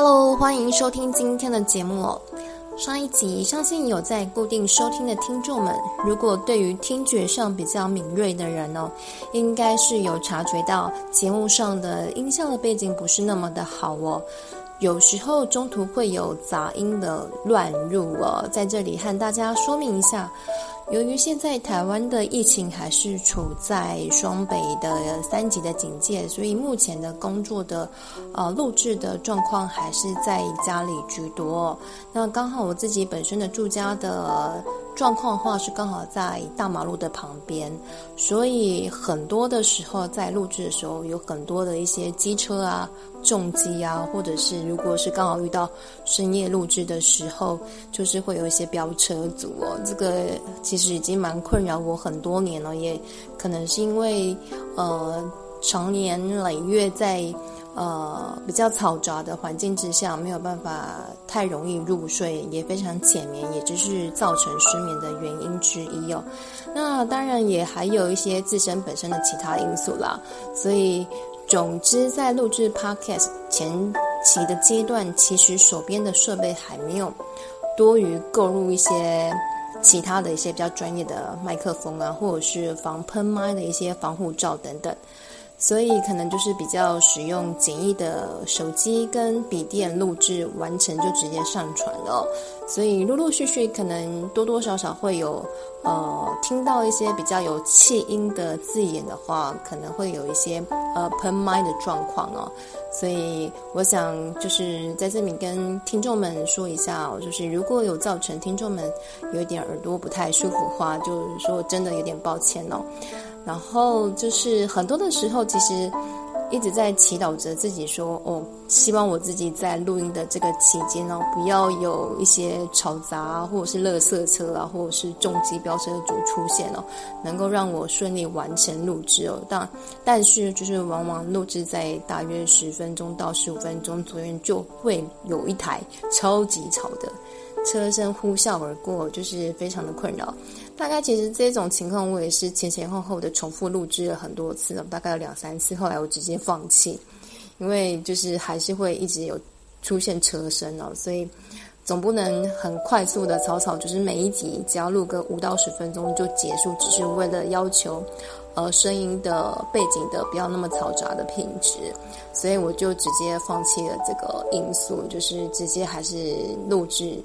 哈嘍，歡迎收聽今天的節目哦。上一集相信有在固定收聽的聽眾們，如果對於聽覺上比較敏銳的人哦，應該是有察覺到節目上的音效的背景不是那麼的好哦。有時候中途會有雜音的亂入哦，在這裡和大家說明一下。由於現在台灣的疫情還是處在雙北的三級的警戒，所以目前的工作的，呃，錄製的狀況還是在家裡居多。那剛好我自己本身的住家的狀況的話是剛好在大馬路的旁邊。所以很多的時候在錄製的時候，有很多的一些機車啊、重機啊，或者是如果是剛好遇到深夜錄製的時候，就是會有一些飆車族哦。這個其實已經蠻困擾我很多年了，也可能是因為呃長年累月在。呃，比較嘈雜的環境之下，沒有辦法太容易入睡，也非常淺眠，也就是造成失眠的原因之一哦。那當然也還有一些自身本身的其他因素啦。所以，總之在錄製 Podcast 前期的階段，其實手邊的設備還沒有多餘購入一些其他的一些比較專業的麥克風啊，或者是防噴麥的一些防護罩等等。所以可能就是比較使用簡易的手機跟筆電錄製完成就直接上傳的哦，所以陸陸續續可能多多少少會有呃聽到一些比較有氣音的字眼的話，可能會有一些呃噴麥的狀況哦，所以我想就是在這裡跟聽眾們說一下哦，就是如果有造成聽眾們有一點耳朵不太舒服的話，就是說真的有點抱歉哦。然後就是很多的時候，其實一直在祈禱着自己說：“哦，希望我自己在錄音的這個期間哦，不要有一些吵雜啊，或者是垃圾車啊，或者是重機飆車的車出現哦，能夠讓我順利完成錄制哦。”但但但是就是往往錄制在大約十分鐘到十五分鐘左右，就會有一台超級吵的車身呼嘯而過，就是非常的困擾。大概其實這種情況我也是前前後後的重複錄製了很多次了，大概有兩三次，後來我直接放棄，因為就是還是會一直有出現車聲哦，所以總不能很快速的草草，就是每一集只要錄個五到十分鐘就結束，只是為了要求呃聲音的背景的不要那麼嘈雜的品質，所以我就直接放棄了這個因素，就是直接還是錄製。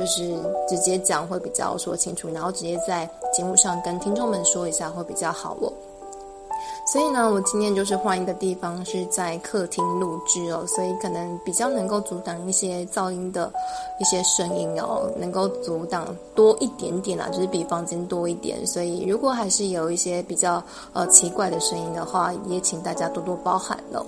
就是直接講會比較說清楚，然後直接在節目上跟聽眾們說一下會比較好哦。所以呢，我今天就是換一個地方，是在客廳錄製哦，所以可能比較能夠阻擋一些噪音的一些聲音哦，能夠阻擋多一點點啊，就是比房間多一點。所以如果還是有一些比較呃奇怪的聲音的話，也請大家多多包涵了。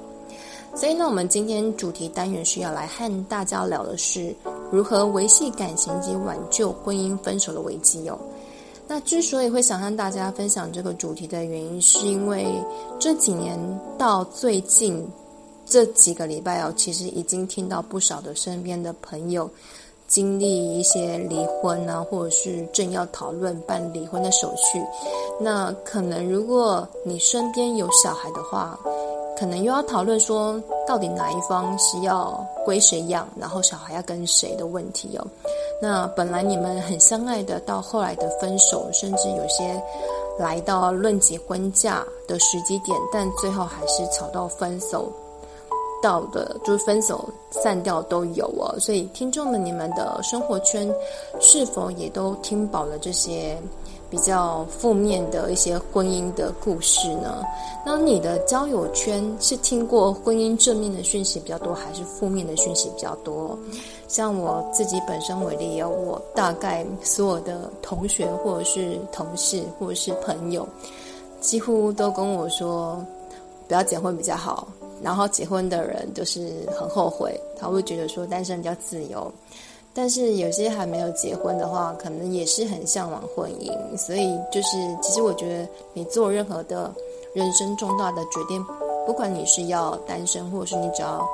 所以呢，我們今天主題單元是要來和大家聊的是。如何維繫感情及挽救婚姻分手的危機哦？那之所以會想和大家分享這個主題的原因，是因為這幾年到最近這幾個禮拜哦，其實已經聽到不少的身邊的朋友經歷一些離婚啊，或者是正要討論辦離婚的手續。那可能如果你身邊有小孩的話，可能又要討論說，到底哪一方是要歸誰養，然後小孩要跟誰的問題哦。那本來你們很相愛的，到後來的分手，甚至有些來到論及婚嫁的時機點，但最後還是吵到分手，到的就是分手散掉都有哦。所以聽眾們，你們的生活圈是否也都聽飽了這些？比較負面的一些婚姻的故事呢？那你的交友圈是聽過婚姻正面的訊息比較多，還是負面的訊息比較多？像我自己本身為例，有我大概所有的同學或者是同事或者是朋友，幾乎都跟我說不要結婚比較好，然後結婚的人就是很後悔，他會覺得說單身比較自由。但是有些還沒有結婚的話，可能也是很向往婚姻，所以就是其實我覺得你做任何的人生重大的決定，不管你是要單身，或者是你只要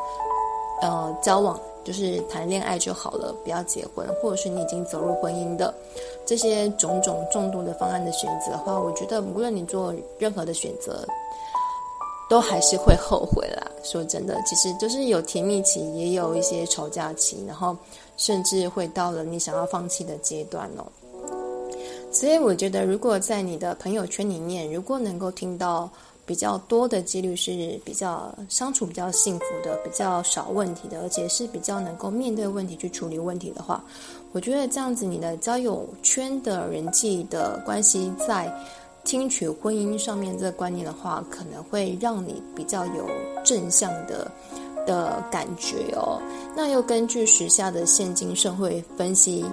呃交往就是談戀愛就好了，不要結婚，或者是你已經走入婚姻的這些種種重度的方案的選擇的話，我覺得無論你做任何的選擇，都還是會後悔啦。說真的，其實就是有甜蜜期，也有一些吵架期，然後。甚至會到了你想要放棄的階段哦。所以我覺得，如果在你的朋友圈裡面，如果能夠聽到比較多的幾率是比較相處比較幸福的、比較少問題的，而且是比較能夠面對問題去處理問題的話，我覺得這樣子你的交友圈的人際的關係，在聽取婚姻上面這個觀念的話，可能會讓你比較有正向的。的感覺哦，那又根據時下的現今社會分析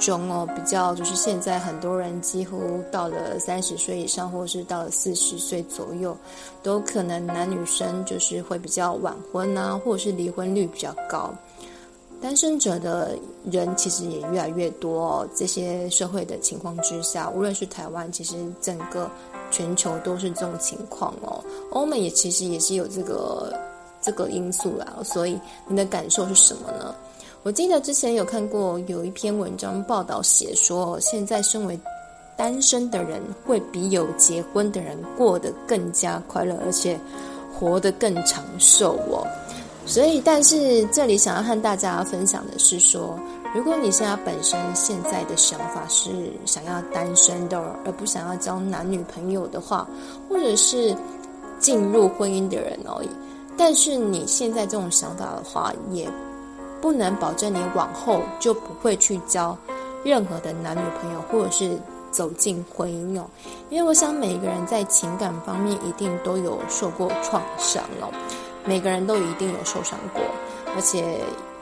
中哦，比較就是現在很多人幾乎到了三十歲以上，或是到了四十歲左右，都可能男女生就是會比較晚婚啊，或者是離婚率比較高，單身者的人其實也越來越多哦，這些社會的情況之下，無論是台灣，其實整個全球都是這種情況哦。歐美也其實也是有這個。這個因素啦、啊，所以你的感受是什麼呢？我記得之前有看過有一篇文章報道，寫說現在身為單身的人會比有結婚的人過得更加快樂，而且活得更長壽哦。所以，但是這裡想要和大家分享的是說，如果你現在本身現在的想法是想要單身的，而不想要交男女朋友的話，或者是進入婚姻的人哦。但是你現在這種想法的話，也不能保證你往後就不會去交任何的男女朋友，或者是走進婚姻哦。因為我想，每一個人在情感方面一定都有受過創傷哦，每個人都一定有受傷過，而且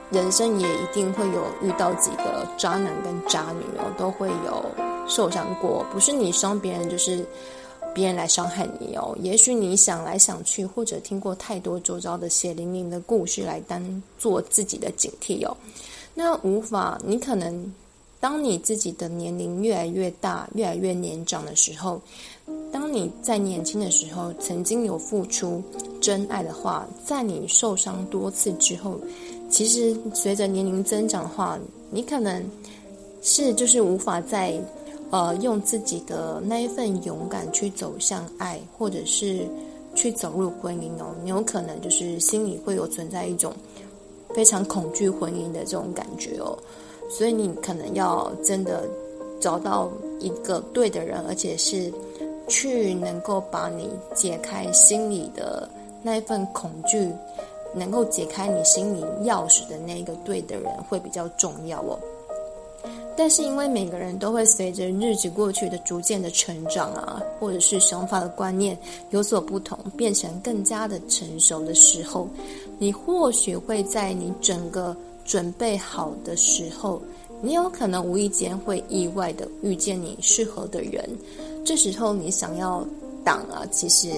人生也一定會有遇到幾個渣男跟渣女哦，都會有受傷過，不是你傷別人，就是。別人來傷害你哦，也許你想來想去，或者聽過太多周遭的血淋淋的故事來當做自己的警惕哦。那無法，你可能當你自己的年齡越來越大，越來越年長的時候，當你在年輕的時候曾經有付出真愛的話，在你受傷多次之後，其實隨着年齡增長的話，你可能是就是無法再呃，用自己的那一份勇敢去走向愛，或者是去走入婚姻哦，你有可能就是心裡會有存在一種非常恐懼婚姻的這種感覺哦，所以你可能要真的找到一個對的人，而且是去能夠把你解開心裡的那一份恐懼，能夠解開你心裡鑰匙的那一個對的人會比較重要哦。但是，因為每個人都會隨着日子過去的逐漸的成長啊，或者是想法的觀念有所不同，變成更加的成熟的時候，你或許會在你整個準備好的時候，你有可能無意間會意外的遇見你適合的人。這時候，你想要擋啊，其實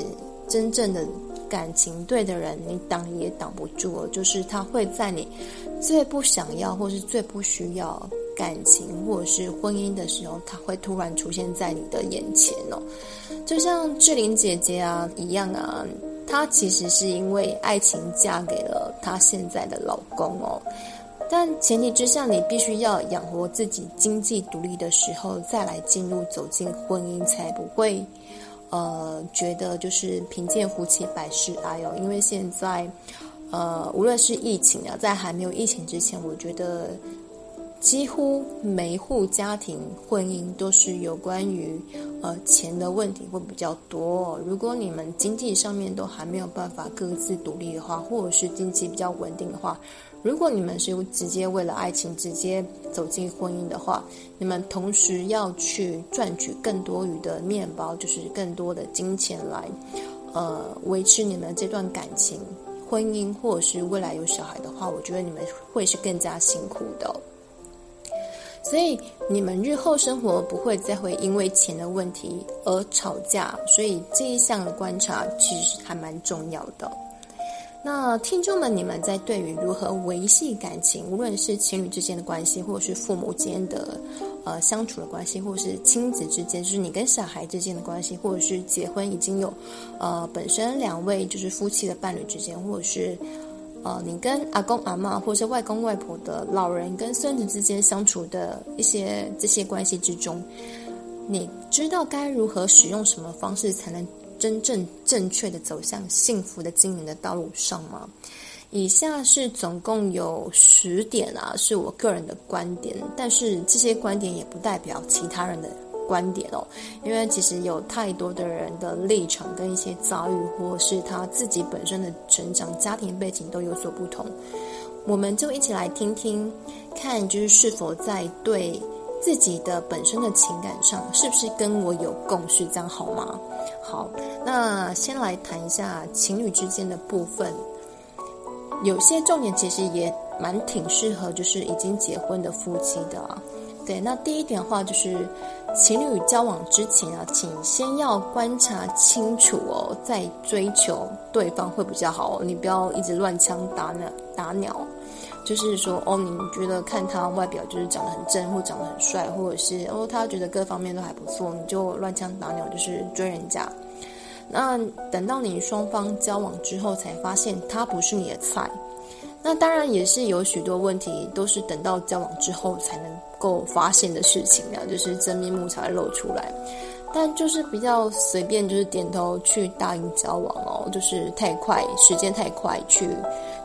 真正的感情對的人，你擋也擋不住，就是他會在你最不想要或是最不需要。感情或者是婚姻的時候，他會突然出現在你的眼前哦，就像志玲姐姐啊一樣啊，她其實是因為愛情嫁給了她現在的老公哦，但前提之下，你必須要養活自己經濟獨立的時候，再來進入走進婚姻，才不會呃覺得就是貧賤夫妻百事哀、啊、哦，因為現在呃無論是疫情啊，在還沒有疫情之前，我覺得。幾乎每戶家庭婚姻都是有關於呃錢的問題會比較多哦。如果你們經濟上面都還沒有辦法各自獨立的話，或者是經濟比較穩定的話，如果你們是直接為了愛情直接走進婚姻的話，你們同時要去賺取更多餘的面包，就是更多的金錢來呃維持你們這段感情、婚姻，或者是未來有小孩的話，我覺得你們會是更加辛苦的哦。所以你們日後生活不會再會因為錢的問題而吵架，所以這一項的觀察其實還蠻重要的。那聽眾們，你們在對於如何維繫感情，無論是情侶之間的關係，或者是父母間的呃相處的關係，或者是親子之間，就是你跟小孩之間的關係，或者是結婚已經有呃本身兩位就是夫妻的伴侶之間，或者是。呃，你跟阿公阿嬤或者外公外婆的老人跟孫子之間相處的一些這些關係之中，你知道該如何使用什麼方式才能真正正確的走向幸福的經營的道路上嗎？以下是總共有十點啊，是我個人的觀點，但是這些觀點也不代表其他人的。觀點哦，因為其實有太多的人的立場跟一些遭遇，或是他自己本身的成長、家庭背景都有所不同。我們就一起來聽聽看，就是是否在對自己的本身的情感上，是不是跟我有共識，這樣好嗎？好，那先來談一下情侶之間的部分，有些重點其實也蠻挺適合，就是已經結婚的夫妻的啊。對，那第一點的話就是。情侶交往之前啊，請先要觀察清楚哦，再追求對方會比較好哦。你不要一直亂槍打鳥，打鳥，就是說哦，你覺得看他外表就是長得很正，或長得很帥，或者是哦，他覺得各方面都還不錯，你就亂槍打鳥，就是追人家。那等到你雙方交往之後，才發現他不是你的菜。那當然也是有許多問題，都是等到交往之後才能夠發現的事情啊，就是真面目才會露出來。但就是比較隨便，就是點頭去答應交往哦，就是太快，時間太快去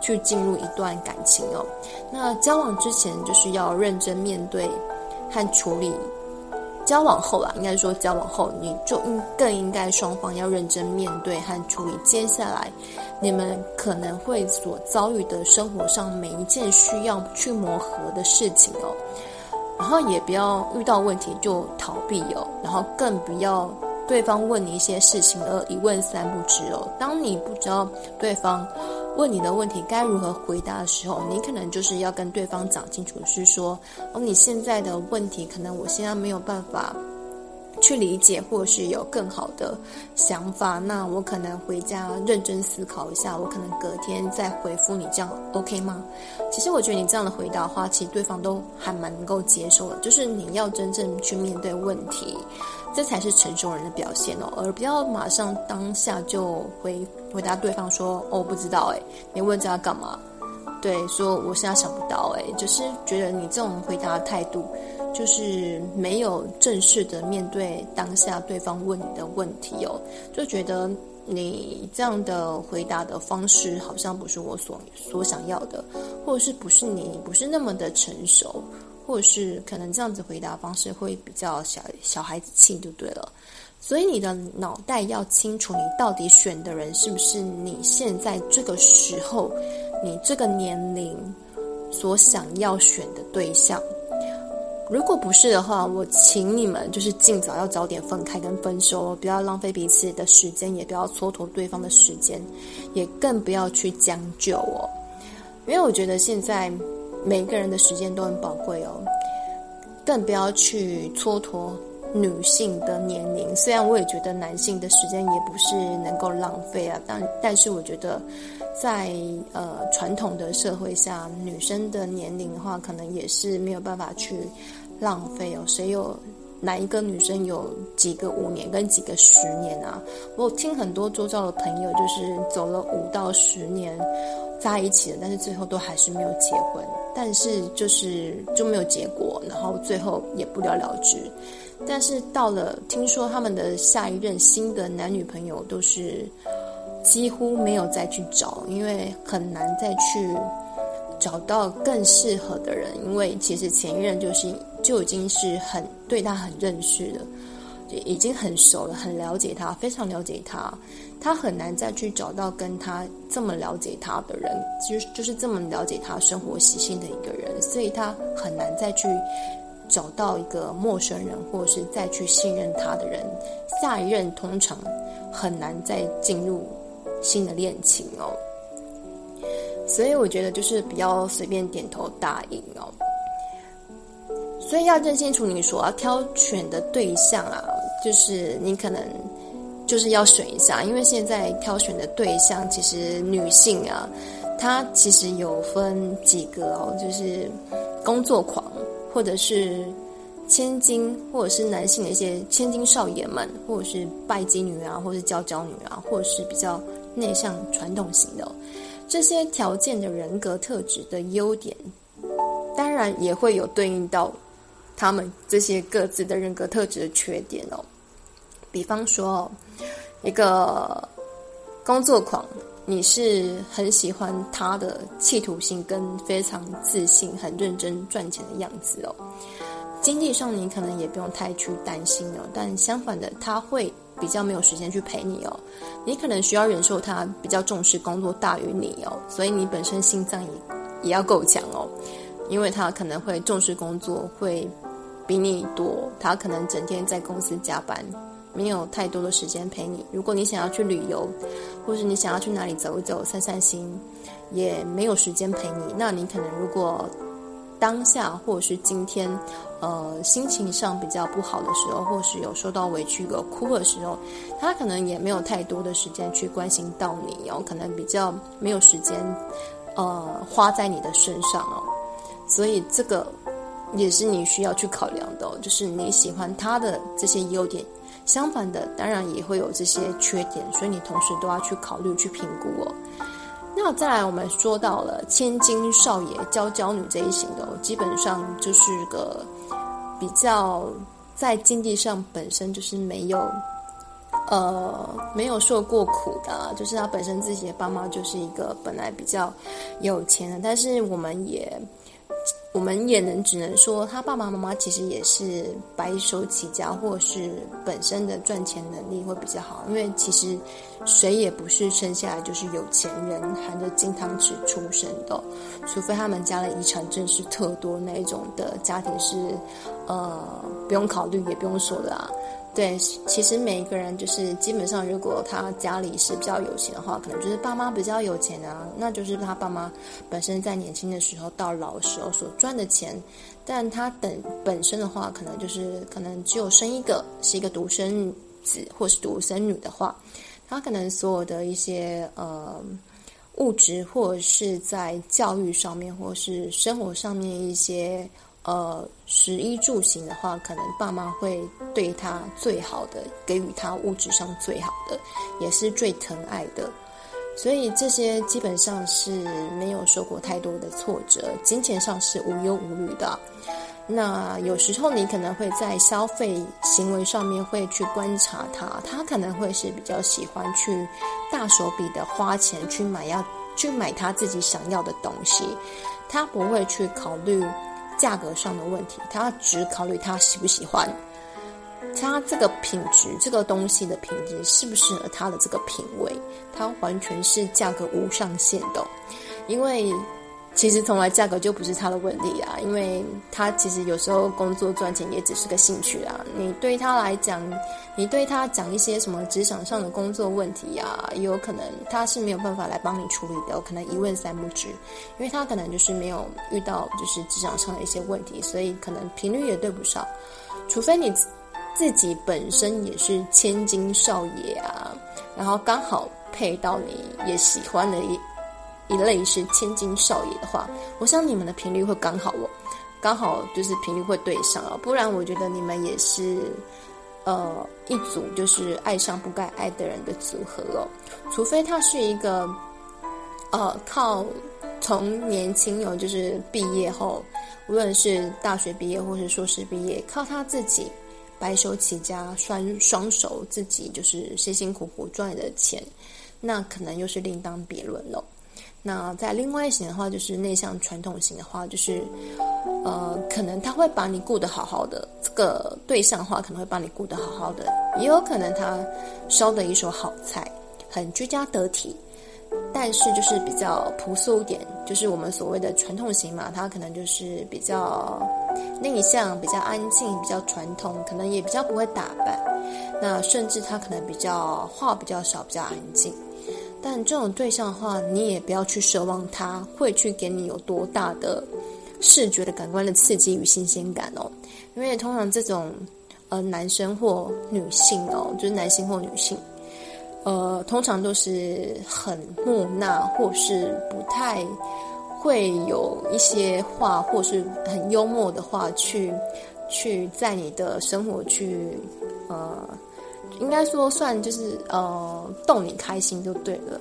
去進入一段感情哦。那交往之前就是要認真面對和處理，交往後啦，應該說交往後你就應更應該雙方要認真面對和處理接下來。你們可能會所遭遇的生活上每一件需要去磨合的事情哦，然後也不要遇到問題就逃避哦，然後更不要對方問你一些事情而一問三不知哦。當你不知道對方問你的問題該如何回答的時候，你可能就是要跟對方講清楚，是說，哦，你現在的問題可能我現在沒有辦法。去理解，或是有更好的想法，那我可能回家認真思考一下，我可能隔天再回復你，這樣 OK 嗎？其實我覺得你這樣的回答的話，其實對方都還蠻能夠接受的，就是你要真正去面對問題，這才是成熟人的表現哦，而不要馬上當下就回回答對方說哦，不知道誒，你問這要幹嘛？對，說我現在想不到誒，就是覺得你這種回答的態度。就是沒有正式的面對當下對方問你的問題哦，就覺得你這樣的回答的方式好像不是我所所想要的，或者是不是你不是那麼的成熟，或者是可能這樣子回答方式會比較小小孩子氣，就對了。所以你的腦袋要清楚，你到底選的人是不是你現在這個時候、你這個年齡所想要選的對象。如果不是的話，我請你們就是儘早要早點分開跟分手哦，不要浪費彼此的時間，也不要蹉跎對方的時間，也更不要去將就哦。因為我覺得現在每個人的時間都很寶貴哦，更不要去蹉跎女性的年齡。雖然我也覺得男性的時間也不是能夠浪費啊，但但是我覺得。在呃傳統的社會下，女生的年齡的話，可能也是沒有辦法去浪費哦。誰有哪一個女生有幾個五年跟幾個十年啊？我聽很多周遭的朋友，就是走了五到十年在一起的，但是最後都還是沒有結婚，但是就是就沒有結果，然後最後也不了了之。但是到了聽說他們的下一任新的男女朋友都是。幾乎沒有再去找，因為很難再去找到更適合的人。因為其實前一任就是就已經是很對他很認識了，就已經很熟了，很了解他，非常了解他。他很難再去找到跟他這麼了解他的人，就、就是這麼了解他生活習性的一個人。所以他很難再去找到一個陌生人，或者是再去信任他的人。下一任通常很難再進入。新的戀情哦，所以我覺得就是不要隨便點頭答應哦。所以要認清楚你所要、啊、挑選的對象啊，就是你可能就是要選一下，因為現在挑選的對象其實女性啊，她其實有分幾個哦，就是工作狂，或者是千金，或者是男性的一些千金少爺們，或者是拜金女啊，或者是嬌嬌女啊，或者是比較。內向、傳統型的哦，這些條件的人格特質的優點，當然也會有對應到他們這些各自的人格特質的缺點哦。比方說哦，一個工作狂，你是很喜歡他的企圖心跟非常自信、很認真賺錢的樣子哦。經濟上你可能也不用太去擔心哦，但相反的，他會。比較沒有時間去陪你哦，你可能需要忍受他比較重視工作大於你哦，所以你本身心臟也也要夠強哦，因為他可能會重視工作會比你多，他可能整天在公司加班，沒有太多的時間陪你。如果你想要去旅遊，或是你想要去哪裡走一走、散散心，也沒有時間陪你。那你可能如果當下或是今天。呃，心情上比較不好的時候，或是有受到委屈、有哭的時候，他可能也沒有太多的時間去關心到你哦，可能比較沒有時間，呃，花在你的身上哦。所以這個也是你需要去考量的哦，就是你喜歡他的這些優點，相反的，當然也會有這些缺點，所以你同時都要去考慮、去評估哦。那再來，我們說到了千金少爺、嬌嬌女這一型的哦，基本上就是個。比較在經濟上本身就是沒有，呃，沒有受過苦的，就是他本身自己的爸媽就是一個本來比較有錢的，但是我們也。我們也能只能說，他爸爸媽媽其實也是白手起家，或是本身的賺錢能力會比較好。因為其實誰也不是生下來就是有錢人，含着金湯匙出生的、哦，除非他們家的遺產真是特多那一種的家庭是，是呃不用考慮也不用說的啊。對，其實每一個人就是基本上，如果他家裡是比較有錢的話，可能就是爸媽比較有錢啊，那就是他爸媽本身在年輕的時候到老的時候所賺的錢。但他等本、本身的話，可能就是可能只有生一個是一個獨生子或是獨生女的話，他可能所有的一些呃物質或者是在教育上面或是生活上面一些。呃，食衣住行的話，可能爸媽會對他最好的，給予他物質上最好的，也是最疼愛的。所以這些基本上是沒有受過太多的挫折，金錢上是無憂無慮的。那有時候你可能會在消費行為上面會去觀察他，他可能會是比較喜歡去大手筆的花錢去買要，要去買他自己想要的東西，他不會去考慮，價格上的問題，他只考慮他喜不喜歡，他這個品質，這個東西的品質，適不適合他的這個品味，他完全是價格無上限的，因為。其實從來價格就不是他的問題啊，因為他其實有時候工作賺錢也只是個興趣啊。你對他來講，你對他講一些什麼職場上的工作問題啊，也有可能他是沒有辦法來幫你處理的，我可能一問三不知，因為他可能就是沒有遇到就是職場上的一些問題，所以可能頻率也對不上。除非你自己本身也是千金少爺啊，然後剛好配到你也喜歡的一。一類是千金少爺的話，我想你們的頻率會剛好哦，剛好就是頻率會對上哦，不然我覺得你們也是，呃，一組就是愛上不該愛的人的組合哦。除非他是一個，呃，靠從年輕有就是畢業後，無論是大學畢業或是碩士畢業，靠他自己白手起家，雙雙手自己就是辛辛苦苦賺的錢，那可能又是另當別論嘍。那在另外一型的話，就是內向傳統型的話，就是，呃，可能他會把你顧得好好的，這個對象的話可能會把你顧得好好的，也有可能他燒得一手好菜，很居家得體，但是就是比較樸素一點，就是我們所謂的傳統型嘛，他可能就是比較內向，比較安靜，比較傳統，可能也比較不會打扮，那甚至他可能比較話比較少，比較安靜。但這種對象的話，你也不要去奢望他會去給你有多大的視覺的感官的刺激與新鮮感哦，因為通常這種呃男生或女性哦，就是男性或女性，呃，通常都是很木訥，或是不太會有一些話，或是很幽默的話去去在你的生活去呃。應該說算就是呃逗你開心就對了，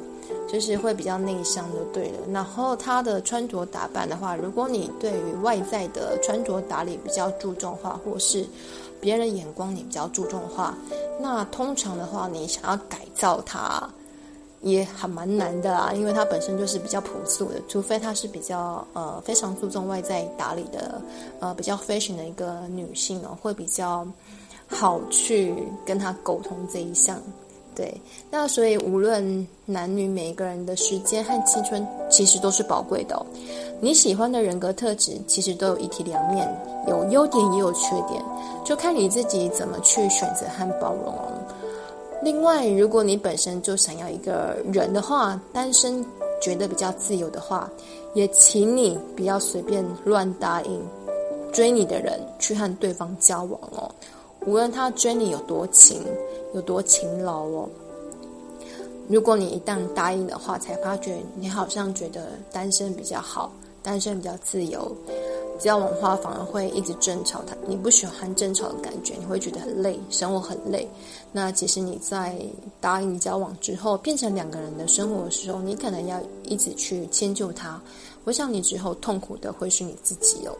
就是會比較內向就對了。然後她的穿着打扮的話，如果你對於外在的穿着打理比較注重的話，或是別人眼光你比較注重的話，那通常的話你想要改造她，也還蠻難的啦，因為她本身就是比較樸素的，除非她是比較呃非常注重外在打理的呃比較 fashion 的一個女性哦，會比較。好去跟他溝通這一項，對。那所以無論男女，每一個人的時間和青春其實都是寶貴的哦。你喜歡的人格特質其實都有一體兩面，有優點也有缺點，就看你自己怎麼去選擇和包容哦。另外，如果你本身就想要一個人的話，單身覺得比較自由的話，也請你不要隨便亂答應追你的人去和對方交往哦。無論他追你有多勤，有多勤勞哦。如果你一旦答應的話，才發覺你好像覺得單身比較好，單身比較自由。交往的話，反而會一直爭吵。他，你不喜歡爭吵的感覺，你會覺得很累，生活很累。那其實你在答應交往之後，變成兩個人的生活的時候，你可能要一直去遷就他。我想你之後痛苦的會是你自己哦。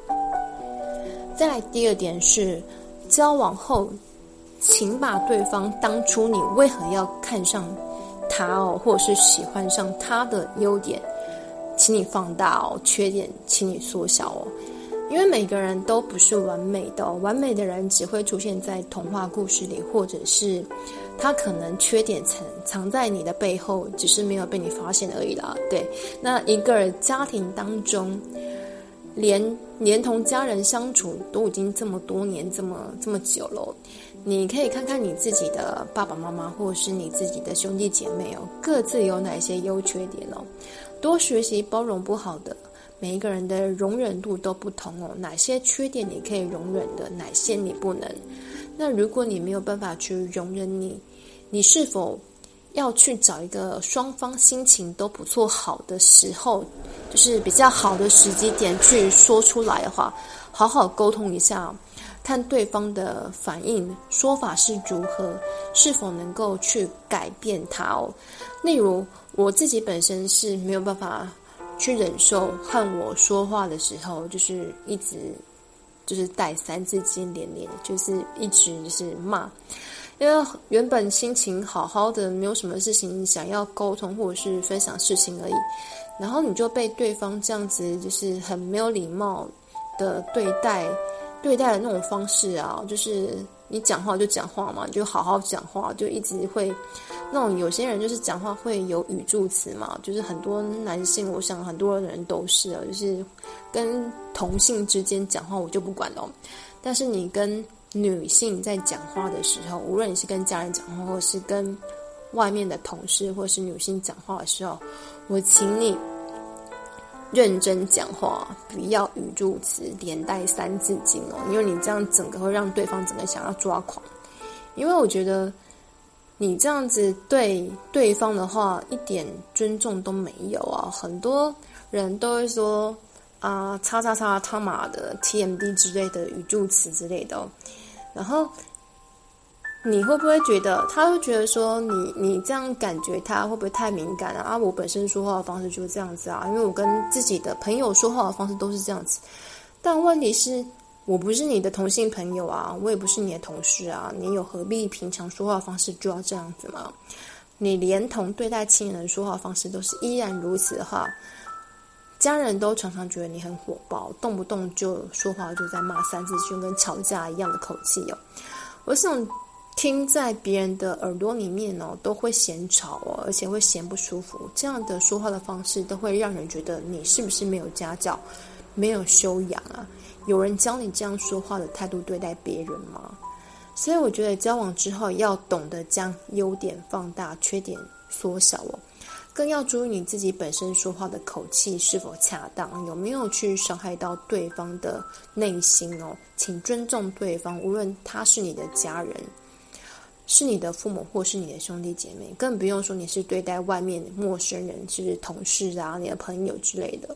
再來，第二點是。交往後，請把對方當初你為何要看上他哦，或者是喜歡上他的優點，請你放大哦；缺點，請你縮小哦。因為每個人都不是完美的哦，完美的人只會出現在童話故事裡，或者是他可能缺點藏藏在你的背後，只是沒有被你發現而已啦。對，那一個家庭當中。連連同家人相處都已經這麼多年這麼這麼久了。你可以看看你自己的爸爸媽媽或者是你自己的兄弟姐妹哦，各自有哪些優缺點哦？多學習包容不好的，每一個人的容忍度都不同哦，哪些缺點你可以容忍的，哪些你不能？那如果你沒有辦法去容忍你，你是否？要去找一個雙方心情都不錯、好的時候，就是比較好的時機點，去說出來的話，好好溝通一下，看對方的反應、說法是如何，是否能夠去改變他哦。例如，我自己本身是沒有辦法去忍受和我說話的時候，就是一直就是帶三字經連連，就是一直就是罵。因為原本心情好好的，沒有什麼事情想要溝通或者是分享事情而已，然後你就被對方這樣子就是很沒有禮貌的對待，對待的那種方式啊，就是你講話就講話嘛，你就好好講話，就一直會那種有些人就是講話會有語助詞嘛，就是很多男性，我想很多人都是啊，就是跟同性之間講話我就不管了哦，但是你跟。女性在講話的時候，無論你是跟家人講話，或是跟外面的同事，或是女性講話的時候，我請你認真講話，不要語助詞連帶三字經哦，因為你這樣整個會讓對方整個想要抓狂。因為我覺得你這樣子對對方的話一點尊重都沒有啊、哦！很多人都會說啊、呃，叉叉叉他媽的 TMD 之類的語助詞之類的哦。然後，你會不會覺得他會覺得說你你這樣感覺他會不會太敏感了啊？啊，我本身說話的方式就是這樣子啊，因為我跟自己的朋友說話的方式都是這樣子。但問題是我不是你的同性朋友啊，我也不是你的同事啊，你又何必平常說話的方式就要這樣子嗎？你連同對待親人說話的方式都是依然如此的話。家人都常常覺得你很火爆，動不動就說話就在罵三字經，就跟吵架一樣的口氣哦。我想聽在別人的耳朵裡面哦，都會嫌吵哦，而且會嫌不舒服。這樣的說話的方式都會讓人覺得你是不是沒有家教、沒有修養啊？有人教你這樣說話的態度對待別人嗎？所以我覺得交往之後要懂得將優點放大，缺點縮小哦。更要注意你自己本身說話的口氣是否恰當，有沒有去傷害到對方的內心哦？請尊重對方，無論他是你的家人、是你的父母或是你的兄弟姐妹，更不用說你是對待外面的陌生人、就是同事啊、你的朋友之類的。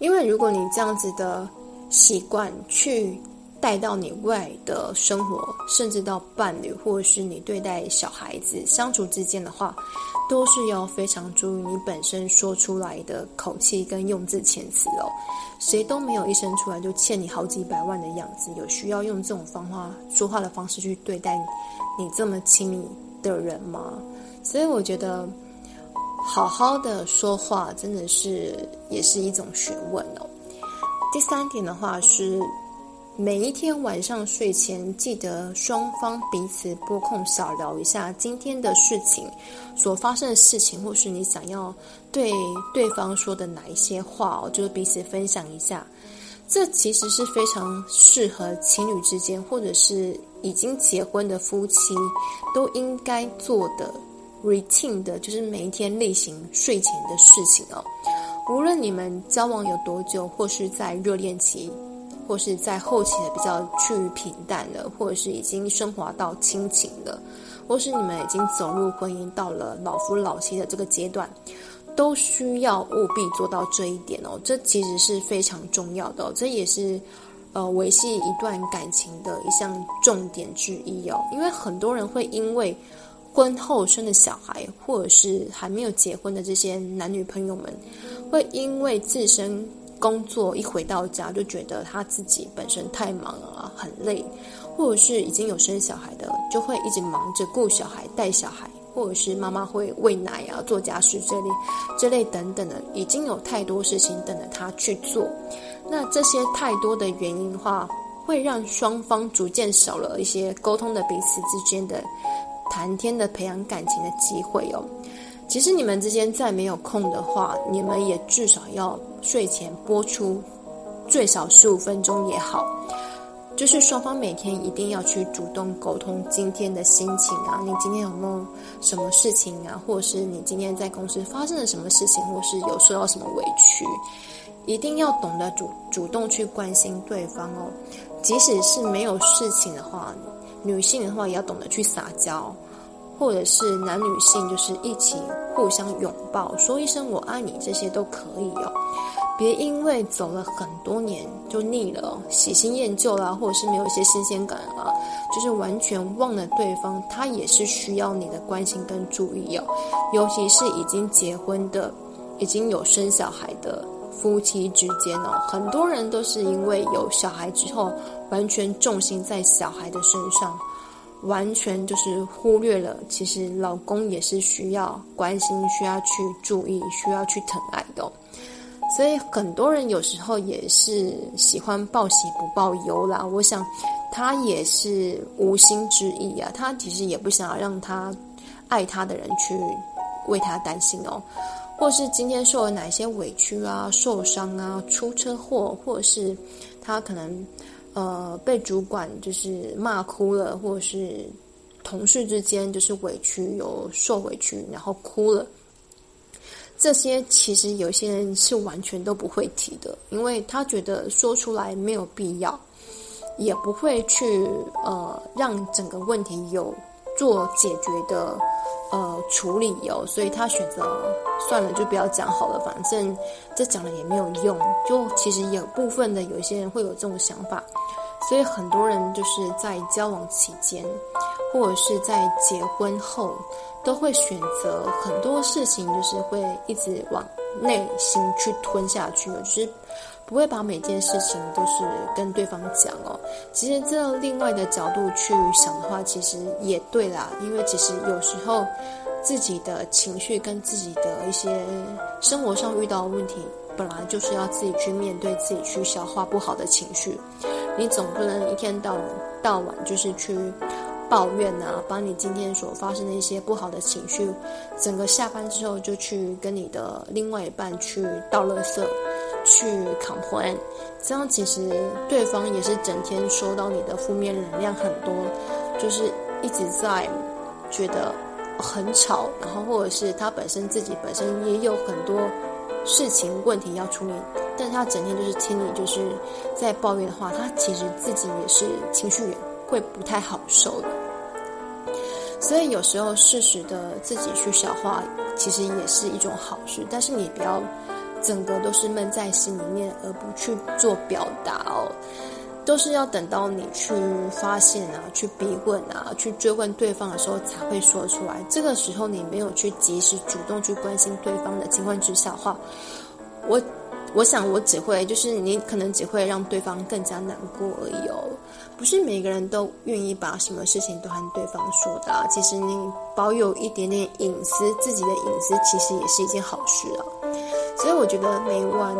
因為如果你這樣子的習慣去，帶到你未來的生活，甚至到伴侶，或者是你對待小孩子相處之間的話，都是要非常注意你本身說出來的口氣跟用字遣詞哦。誰都沒有一生出來就欠你好幾百萬的樣子，有需要用這種方法說話的方式去對待你，你這麼親密的人嗎？所以我覺得，好好的說話真的是也是一種學問哦。第三點的話是。每一天晚上睡前，記得雙方彼此撥空小聊一下今天的事情，所發生的事情，或是你想要對對方說的哪一些話哦，就是彼此分享一下。這其實是非常適合情侶之間，或者是已經結婚的夫妻都應該做的 routine 的，就是每一天例行睡前的事情哦。無論你們交往有多久，或是在熱戀期。或是在後期的比較趨於平淡了，或者是已經升華到親情了，或是你們已經走入婚姻到了老夫老妻的這個階段，都需要務必做到這一點哦。這其實是非常重要的哦，這也是呃維繫一段感情的一項重點之一哦。因為很多人會因為婚後生的小孩，或者是還沒有結婚的這些男女朋友們，會因為自身。工作一回到家就覺得他自己本身太忙了啊，很累，或者是已經有生小孩的，就會一直忙着顧小孩、帶小孩，或者是媽媽會餵奶啊、做家事這類、這類等等的，已經有太多事情等着他去做。那這些太多的原因的話，會讓雙方逐漸少了一些溝通的、彼此之間的談天的、培養感情的機會哦。其實你們之間再沒有空的話，你們也至少要睡前播出最少十五分鐘也好。就是雙方每天一定要去主動溝通今天的心情啊，你今天有沒有什麼事情啊，或者是你今天在公司發生了什麼事情，或者是有受到什麼委屈，一定要懂得主主動去關心對方哦。即使是沒有事情的話，女性的話也要懂得去撒嬌。或者是男女性就是一起互相擁抱，說一聲“我愛你”，這些都可以哦。別因為走了很多年就膩了，喜新厭舊啦，或者是沒有一些新鮮感啊，就是完全忘了對方，他也是需要你的關心跟注意哦。尤其是已經結婚的、已經有生小孩的夫妻之間哦，很多人都是因為有小孩之後，完全重心在小孩的身上。完全就是忽略了，其實老公也是需要關心、需要去注意、需要去疼愛的哦。所以很多人有時候也是喜歡報喜不報憂啦。我想他也是無心之意啊，他其實也不想要讓他愛他的人去為他擔心哦。或是今天受了哪些委屈啊、受傷啊、出車禍，或者是他可能。呃，被主管就是罵哭了，或者是同事之間就是委屈有受委屈，然後哭了。這些其實有些人是完全都不會提的，因為他覺得說出來沒有必要，也不會去呃讓整個問題有。做解決的，呃處理哦，所以他選擇算了，就不要講好了，反正這講了也沒有用。就其實有部分的，有一些人會有這種想法，所以很多人就是在交往期間，或者是在結婚後，都會選擇很多事情，就是會一直往內心去吞下去，就是。不會把每件事情都是跟對方講哦。其實這另外的角度去想的話，其實也對啦。因為其實有時候自己的情緒跟自己的一些生活上遇到的問題，本來就是要自己去面對，自己去消化不好的情緒。你總不能一天到晚到晚就是去抱怨吶、啊，把你今天所發生的一些不好的情緒，整個下班之後就去跟你的另外一半去倒垃圾。去 complain，這樣其實對方也是整天收到你的負面能量很多，就是一直在覺得很吵，然後或者是他本身自己本身也有很多事情問題要處理，但是他整天就是聽你就是在抱怨的話，他其實自己也是情緒也會不太好受的。所以有時候適時的自己去消化，其實也是一種好事，但是你不要。整個都是悶在心裡面，而不去做表達哦，都是要等到你去發現啊，去逼問啊，去追問對方的時候才會說出來。這個時候你沒有去及時主動去關心對方的情況之下的話，我我想我只會就是你可能只會讓對方更加難過而已哦。不是每個人都願意把什麼事情都和對方說的啊。其實你保有一點點隱私，自己的隱私其實也是一件好事啊。所以我覺得每晚，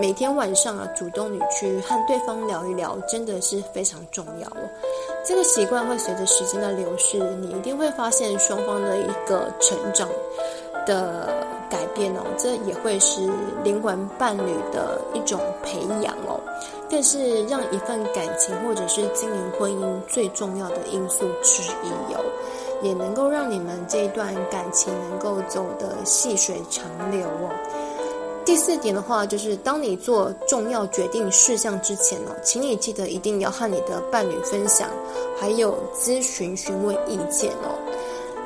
每天晚上啊，主動你去和對方聊一聊，真的是非常重要哦。這個習慣會隨着時間的流逝，你一定會發現雙方的一個成長的改變哦。這也會是靈魂伴侶的一種培養哦。更是讓一份感情或者是經營婚姻最重要的因素之一哦，也能夠讓你們這一段感情能夠走得細水長流哦。第四點的話，就是當你做重要決定事項之前哦，請你記得一定要和你的伴侶分享，還有諮詢、詢問意見哦，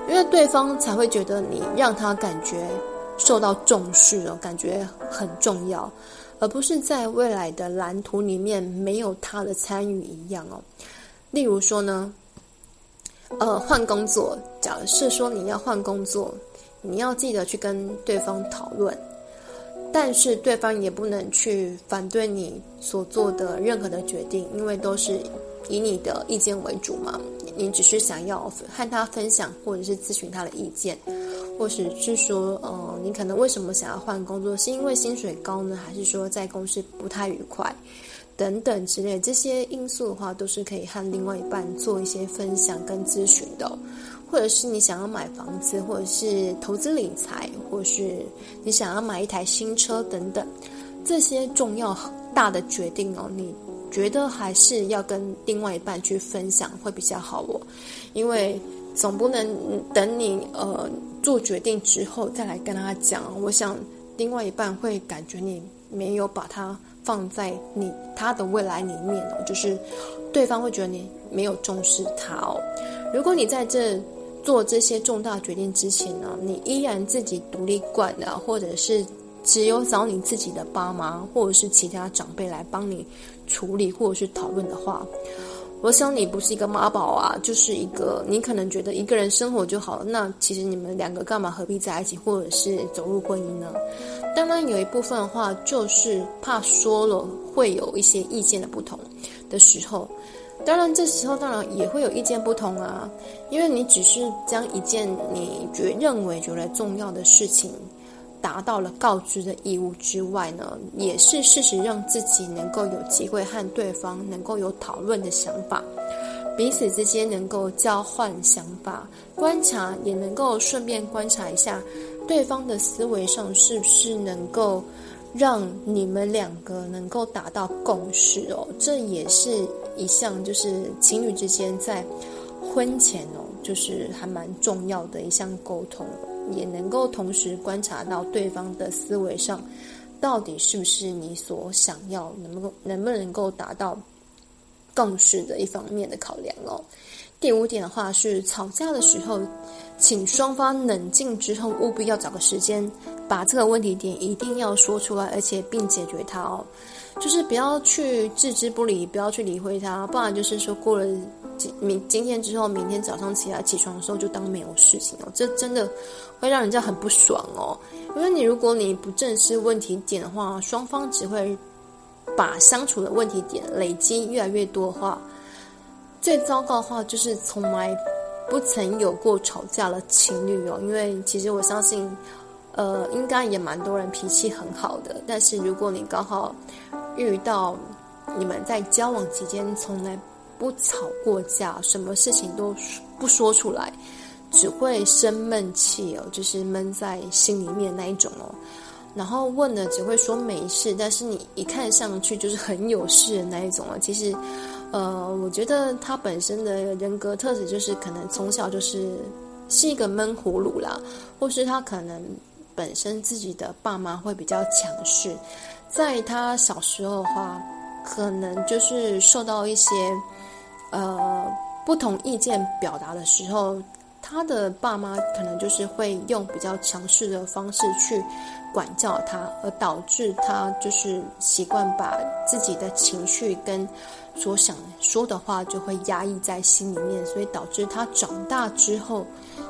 因為對方才會覺得你讓他感覺受到重視哦，感覺很重要，而不是在未來的藍圖裡面沒有他的參與一樣哦。例如說呢，呃，換工作，假設說你要換工作，你要記得去跟對方討論。但是對方也不能去反對你所做的任何的決定，因為都是以你的意見為主嘛。你只是想要和他分享，或者是諮詢他的意見，或者是說，呃，你可能為什麼想要換工作，是因為薪水高呢，還是說在公司不太愉快，等等之類的這些因素的話，都是可以和另外一半做一些分享跟諮詢的。或者是你想要買房子，或者是投資理財，或者是你想要買一台新車等等，這些重要大的決定哦，你覺得還是要跟另外一半去分享會比較好哦，因為總不能等你呃做決定之後再來跟他講哦，我想另外一半會感覺你沒有把他放在你他的未來裡面哦，就是對方會覺得你沒有重視他哦。如果你在這，做這些重大決定之前呢，你依然自己獨立慣了，或者是只有找你自己的爸媽或者是其他長輩來幫你處理或者是討論的話，我想你不是一個媽寶啊，就是一個你可能覺得一個人生活就好了。那其實你們兩個幹嘛何必在一起，或者是走入婚姻呢？當然有一部分的話，就是怕說了會有一些意見的不同的時候。當然，這時候當然也會有意見不同啊，因為你只是將一件你覺得認為覺得重要的事情，達到了告知的義務之外呢，也是事實讓自己能夠有機會和對方能夠有討論的想法，彼此之間能夠交換想法、觀察，也能夠順便觀察一下對方的思維上是不是能夠。讓你們兩個能夠達到共識哦，這也是一項就是情侶之間在婚前哦，就是還蠻重要的一項溝通，也能夠同時觀察到對方的思維上到底是不是你所想要，能不能不能夠達到共識的一方面的考量哦。第五點的話是吵架的時候。請雙方冷靜之後，務必要找個時間，把這個問題點一定要說出來，而且並解決它哦。就是不要去置之不理，不要去理會它。不然就是說過了今明今天之後，明天早上起來起床的時候就當沒有事情哦。這真的會讓人家很不爽哦。因為你如果你不正視問題點的話，雙方只會把相處的問題點累積越來越多的話，最糟糕的話就是從來不曾有過吵架的情侶哦，因為其實我相信，呃，應該也蠻多人脾氣很好的。但是如果你剛好遇到你們在交往期間從來不吵過架，什麼事情都不說出來，只會生悶氣哦，就是悶在心裡面那一種哦。然後問了只會說沒事，但是你一看上去就是很有事的那一種啊，哦，其實。呃，我覺得他本身的人格特質就是可能從小就是是一個悶葫蘆啦，或是他可能本身自己的爸媽會比較強勢，在他小時候的話，可能就是受到一些呃不同意見表達的時候，他的爸媽可能就是會用比較強勢的方式去管教他，而導致他就是習慣把自己的情緒跟。所想說的話就會壓抑在心裡面，所以導致他長大之後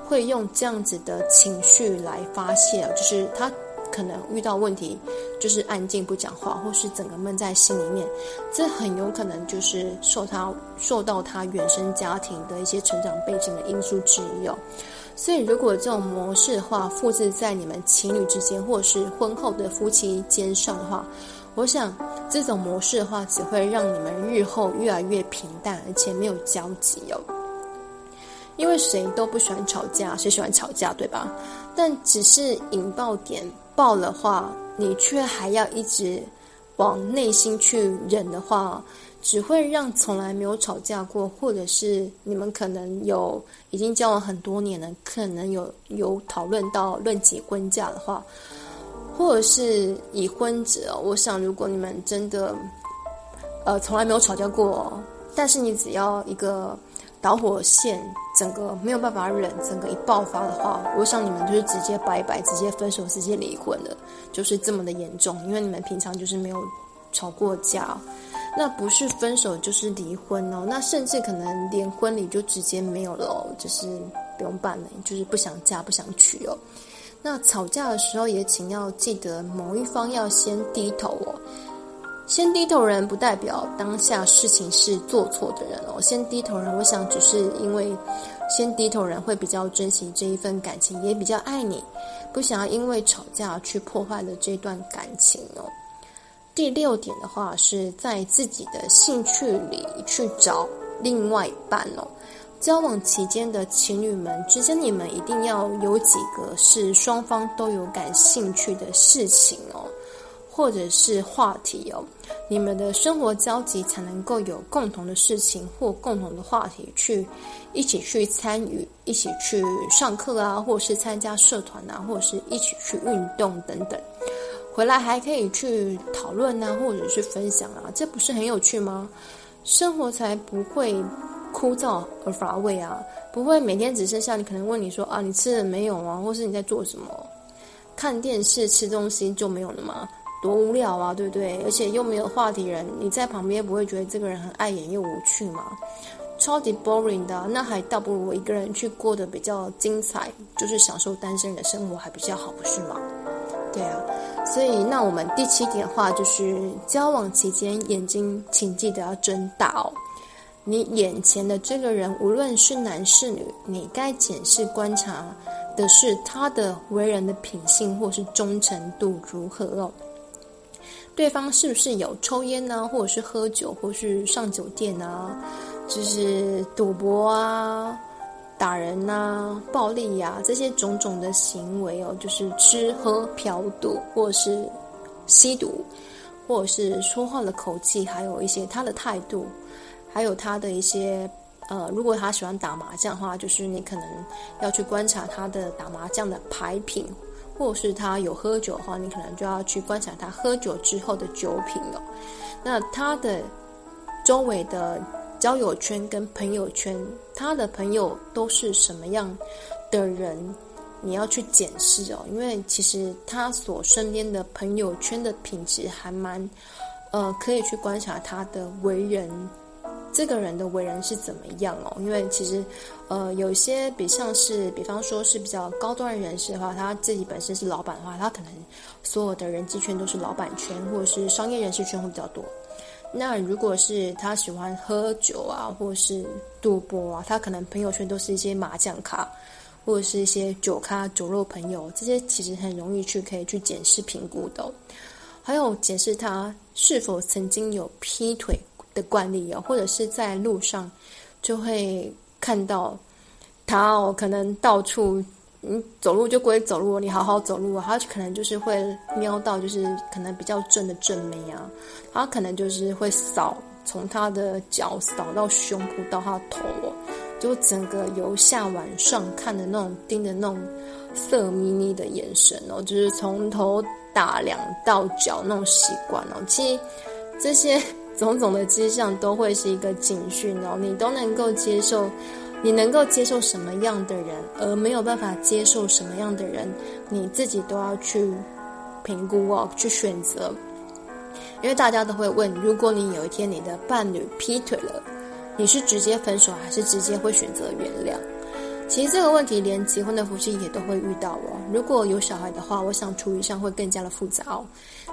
會用這樣子的情緒來發泄，就是他可能遇到問題就是安靜不講話，或是整個悶在心裡面，這很有可能就是受他受到他原生家庭的一些成長背景的因素之一哦。所以如果這種模式的話複製在你們情侶之間，或是婚後的夫妻間上的話。我想，這種模式的話，只會讓你們日後越來越平淡，而且沒有交集哦。因為誰都不喜歡吵架，誰喜歡吵架，對吧？但只是引爆點爆的話，你卻還要一直往內心去忍的話，只會讓從來沒有吵架過，或者是你們可能有已經交往很多年了，可能有有討論到論及婚嫁的話。或者是已婚者，我想，如果你們真的，呃，從來沒有吵架過，哦，但是你只要一個導火線，整個沒有辦法忍，整個一爆發的話，我想你們就是直接拜拜，直接分手，直接離婚了，就是這麼的嚴重。因為你們平常就是沒有吵過架，哦，那不是分手就是離婚哦，那甚至可能連婚禮就直接沒有了，哦，就是不用辦了，就是不想嫁不想娶哦。那吵架的時候也請要記得，某一方要先低頭哦。先低頭人不代表當下事情是做錯的人哦。先低頭人，我想只是因為先低頭人會比較珍惜這一份感情，也比較愛你，不想要因為吵架去破壞了這段感情哦。第六點的話，是在自己的興趣裡去找另外一半哦。交往期間的情侶們之間，你們一定要有幾個是雙方都有感興趣的事情哦，或者是話題哦，你們的生活交集才能夠有共同的事情或共同的話題去一起去參與、一起去上課啊，或是參加社團啊，或者是一起去運動等等。回來還可以去討論啊，或者是分享啊，這不是很有趣嗎？生活才不會。枯燥而乏味啊，不會每天只剩下你，可能問你說啊，你吃了沒有啊，或是你在做什麼？看電視、吃東西就沒有了嗎？多無聊啊，對不對？而且又沒有話題人，你在旁邊不會覺得這個人很礙眼又無趣嗎？超級 boring 的，那還倒不如一個人去過得比較精彩，就是享受單身人的生活還比較好，不是嗎？對啊，所以那我們第七點的話就是，交往期間眼睛請記得要睜大哦。你眼前的這個人，無論是男是女，你該檢視觀察的是他的為人的品性，或是忠誠度如何哦。對方是不是有抽菸呢、啊，或者是喝酒，或者是上酒店吶、啊，就是賭博啊、打人吶、啊、暴力呀、啊、這些種種的行為哦，就是吃喝嫖賭，或是吸毒，或者是說話的口氣，還有一些他的態度。還有他的一些，呃，如果他喜歡打麻將的話，就是你可能要去觀察他的打麻將的牌品，或者是他有喝酒的話，你可能就要去觀察他喝酒之後的酒品了哦。那他的周圍的交友圈跟朋友圈，他的朋友都是什麼樣的人，你要去檢視哦。因為其實他所身邊的朋友圈的品質還蠻，呃，可以去觀察他的為人。這個人的為人是怎麼樣哦？因為其實，呃，有一些比像是，比方說是比較高端人士的話，他自己本身是老闆的話，他可能所有的人際圈都是老闆圈或者是商業人士圈會比較多。那如果是他喜歡喝酒啊，或者是賭博啊，他可能朋友圈都是一些麻將咖，或者是一些酒咖、酒肉朋友這些，其實很容易去可以去檢視評估的哦。還有檢視他是否曾經有劈腿。慣例哦，或者是在路上，就會看到他哦，可能到處，你走路就歸走路，你好好走路哦，啊，他可能就是會瞄到，就是可能比較正的正妹啊，他可能就是會掃，從他的腳掃到胸部到他頭哦，就整個由下往上看的那種盯着，那種色眯眯的眼神哦，就是從頭打量到腳那種習慣哦，其實這些。種種的跡象都會是一個警訊哦，你都能夠接受，你能夠接受什麼樣的人，而沒有辦法接受什麼樣的人，你自己都要去評估哦，去選擇。因為大家都會問，如果你有一天你的伴侶劈腿了，你是直接分手還是直接會選擇原諒？其實這個問題連結婚的夫妻也都會遇到哦。如果有小孩的話，我想處理上會更加的複雜哦。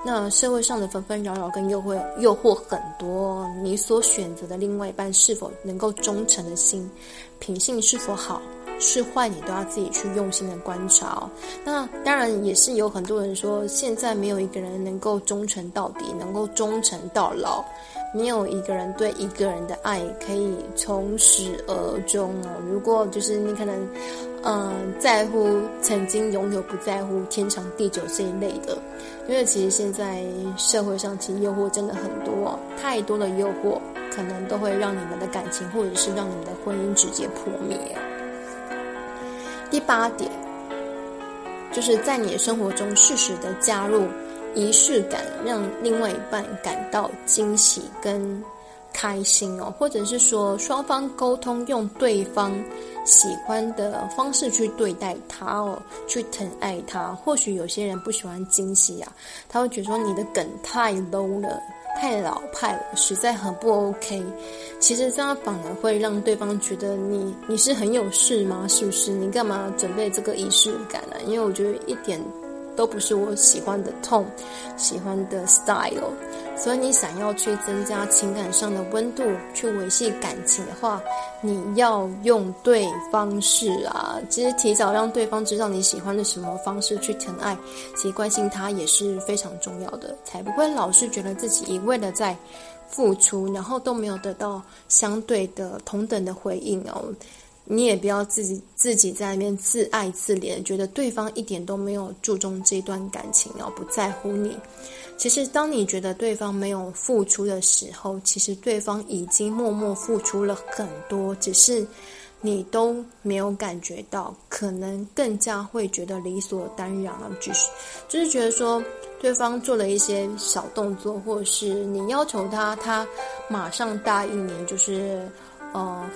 那社會上的紛紛擾擾跟誘惑，誘惑很多。你所選擇的另外一半是否能夠忠誠的心，品性是否好是壞，你都要自己去用心的觀察。那當然也是有很多人說，現在沒有一個人能夠忠誠到底，能夠忠誠到老，沒有一個人對一個人的愛可以從始而終哦。如果就是你可能，嗯、呃，在乎曾經擁有，不在乎天長地久這一類的。因為其實現在社會上其實誘惑真的很多哦，太多的誘惑可能都會讓你們的感情，或者是讓你們的婚姻直接破滅。第八點，就是在你的生活中適時的加入儀式感，讓另外一半感到驚喜跟開心哦，或者是說雙方溝通用對方，喜歡的方式去對待他哦，去疼愛他。或許有些人不喜歡驚喜啊，他會覺得說你的梗太 low 了，太老派了，實在很不 OK。其實這樣反而會讓對方覺得你你是很有事嗎？是不是？你幹嘛準備這個儀式感呢、啊？因為我覺得一點。都不是我喜歡的 tone，喜歡的 style，所以你想要去增加情感上的溫度，去維繫感情的話，你要用對方式啊。其實提早讓對方知道你喜歡的什麼方式去疼愛，其實關心他也是非常重要的，才不會老是覺得自己一味的在付出，然後都沒有得到相對的同等的回應哦。你也不要自己自己在那邊自艾自憐，覺得對方一點都沒有注重這段感情，哦，然後不在乎你。其實，當你覺得對方沒有付出的時候，其實對方已經默默付出了很多，只是你都沒有感覺到。可能更加會覺得理所當然，啊、就是就是覺得說對方做了一些小動作，或者是你要求他，他馬上答應你，就是，嗯、呃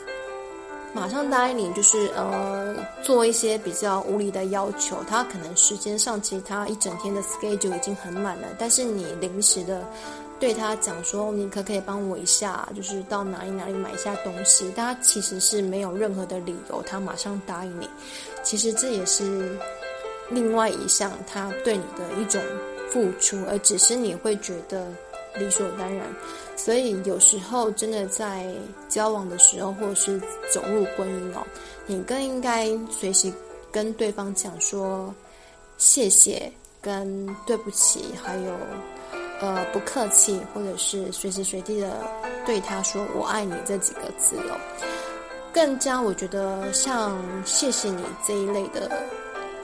馬上答應你，就是呃，做一些比較無理的要求。他可能時間上，其實他一整天的 schedule 已經很滿了，但是你臨時的對他講說，你可不可以幫我一下，就是到哪裡哪裡買一下東西？但他其實是沒有任何的理由，他馬上答應你。其實這也是另外一項他對你的一種付出，而只是你會覺得理所當然。所以有時候真的在交往的時候，或者是走入婚姻哦，你更應該隨時跟對方講說謝謝、跟對不起，還有呃不客氣，或者是隨時隨地的對他說“我愛你”這幾個字哦。更加我覺得像謝謝你這一類的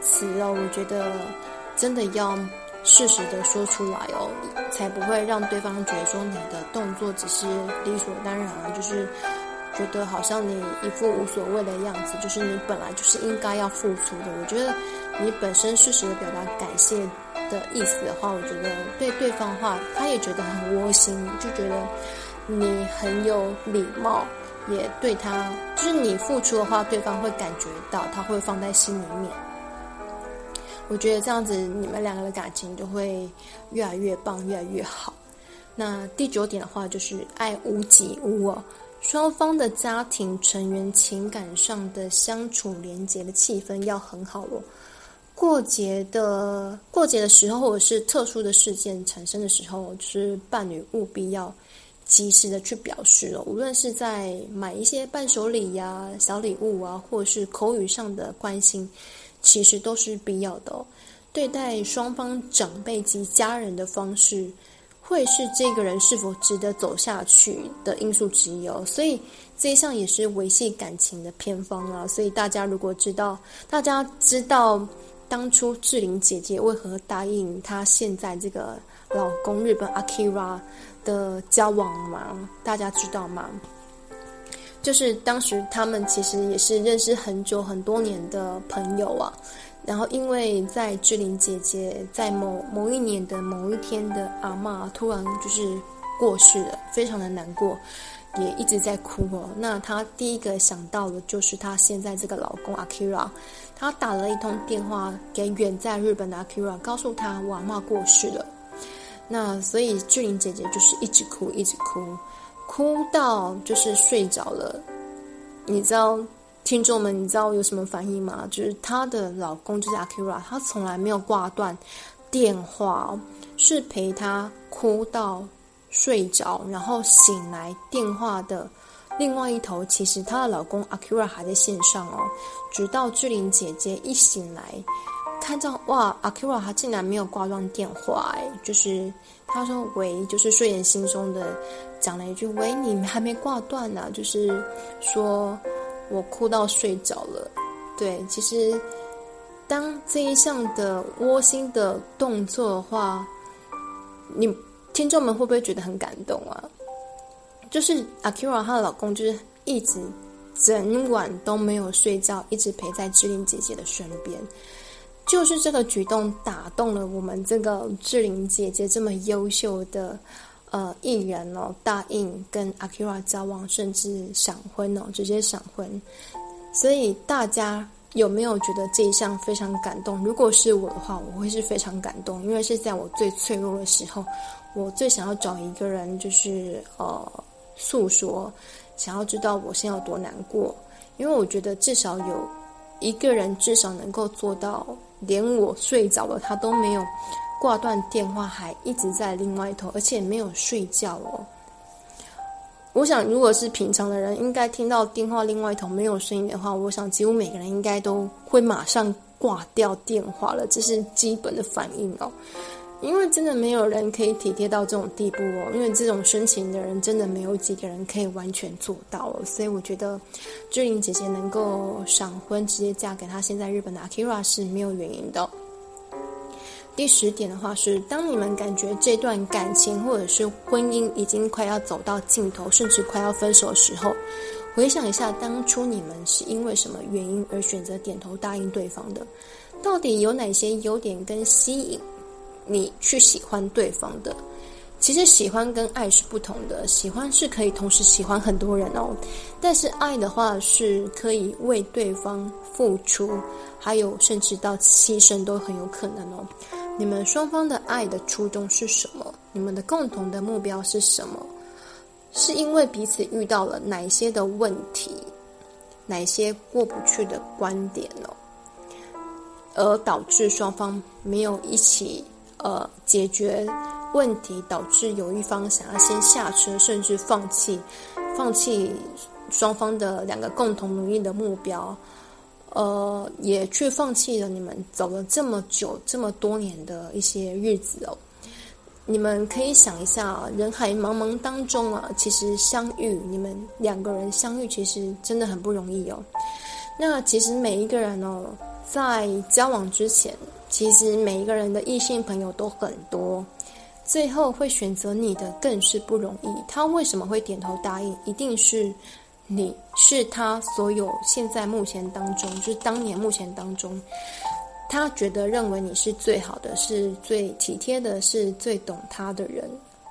詞哦，我覺得真的要。適時的說出來哦，才不會讓對方覺得說你的動作只是理所當然，啊，就是覺得好像你一副無所謂的樣子，就是你本來就是應該要付出的。我覺得你本身適時的表達感謝的意思的話，我覺得對對方的話，他也覺得很窩心，就覺得你很有禮貌，也對他就是你付出的話，對方會感覺到，他會放在心裡面。我覺得這樣子，你們兩個的感情就會越來越棒，越來越好。那第九點的話，就是愛屋及烏哦，雙方的家庭成員情感上的相處、連結的氣氛，要很好咯、哦。過節的、過節的時候，或者是特殊的事件產生的時候，就是伴侶務必要及時的去表示哦，無論是在買一些伴手禮呀、啊、小禮物啊，或者是口語上的關心。其實都是必要的哦，對待雙方長輩及家人的方式，會是這個人是否值得走下去的因素之一哦。所以這一項也是維繫感情的偏方啊。所以大家如果知道，大家知道當初志玲姐姐為何答應她現在這個老公日本 Akira 的交往嗎？大家知道嗎？就是當時他們其實也是認識很久很多年的朋友啊，然後因為在志玲姐姐在某某一年的某一天的阿嬤突然就是過世了，非常的難過，也一直在哭哦。那她第一個想到的就是她現在這個老公 Akira，她打了一通電話給遠在日本的 Akira，告訴他我阿嬤過世了。那所以志玲姐姐就是一直哭，一直哭。哭到就是睡着了，你知道聽眾們，你知道有什麼反應嗎？就是她的老公就是 Akira，他從來沒有掛斷電話，是陪她哭到睡着，然後醒來，電話的另外一頭，其實她的老公 Akira 還在線上哦。直到志玲姐姐一醒來，看到哇，Akira 他竟然沒有掛斷電話，哎，就是他說喂，就是睡眼惺忪的。講了一句：“喂，你們還沒掛斷呢、啊。”就是說，我哭到睡着了。對，其實當這一項的窩心的動作的話，你聽眾們會不會覺得很感動啊？就是 AKIRA 啊，她的老公就是一直整晚都沒有睡覺，一直陪在志玲姐姐的身邊。就是這個舉動打動了我們這個志玲姐姐這麼優秀的。呃，藝人哦，答應跟 Akira 交往，甚至閃婚哦，直接閃婚。所以大家有沒有覺得這一項非常感動？如果是我的話，我會是非常感動，因為是在我最脆弱的時候，我最想要找一個人，就是呃，訴說，想要知道我現在有多難過。因為我覺得至少有一個人，至少能夠做到，連我睡着了他都沒有。掛斷電話還一直在另外一頭，而且沒有睡覺哦。我想，如果是平常的人，應該聽到電話另外一頭沒有聲音的話，我想幾乎每個人應該都會馬上掛掉電話了，這是基本的反應哦。因為真的沒有人可以體貼到這種地步哦，因為這種深情的人真的沒有幾個人可以完全做到哦。所以我覺得，志玲姐姐能夠閃婚直接嫁給他現在日本的 Akira 是沒有原因的哦。第十點的話是，當你們感覺這段感情或者是婚姻已經快要走到盡頭，甚至快要分手的時候，回想一下當初你們是因為什麼原因而選擇點頭答應對方的。到底有哪些優點跟吸引你去喜歡對方的？其實喜歡跟愛是不同的，喜歡是可以同時喜歡很多人哦，但是愛的話是可以為對方付出，還有甚至到犧牲都很有可能哦。你們雙方的愛的初衷是什麼？你們的共同的目標是什麼？是因為彼此遇到了哪些的問題，哪些過不去的觀點哦，而導致雙方沒有一起呃解決問題，導致有一方想要先下車，甚至放棄放棄雙方的兩個共同努力的目標。呃，也去放棄了你們走了這麼久，這麼多年的一些日子哦。你們可以想一下啊，人海茫茫當中啊，其實相遇，你們兩個人相遇，其實真的很不容易哦。那其實每一個人哦，在交往之前，其實每一個人的異性朋友都很多，最後會選擇你的更是不容易。他為什麼會點頭答應？一定是。你是他所有現在目前當中，就是當年目前當中，他覺得認為你是最好的，是最體貼的，是最懂他的人。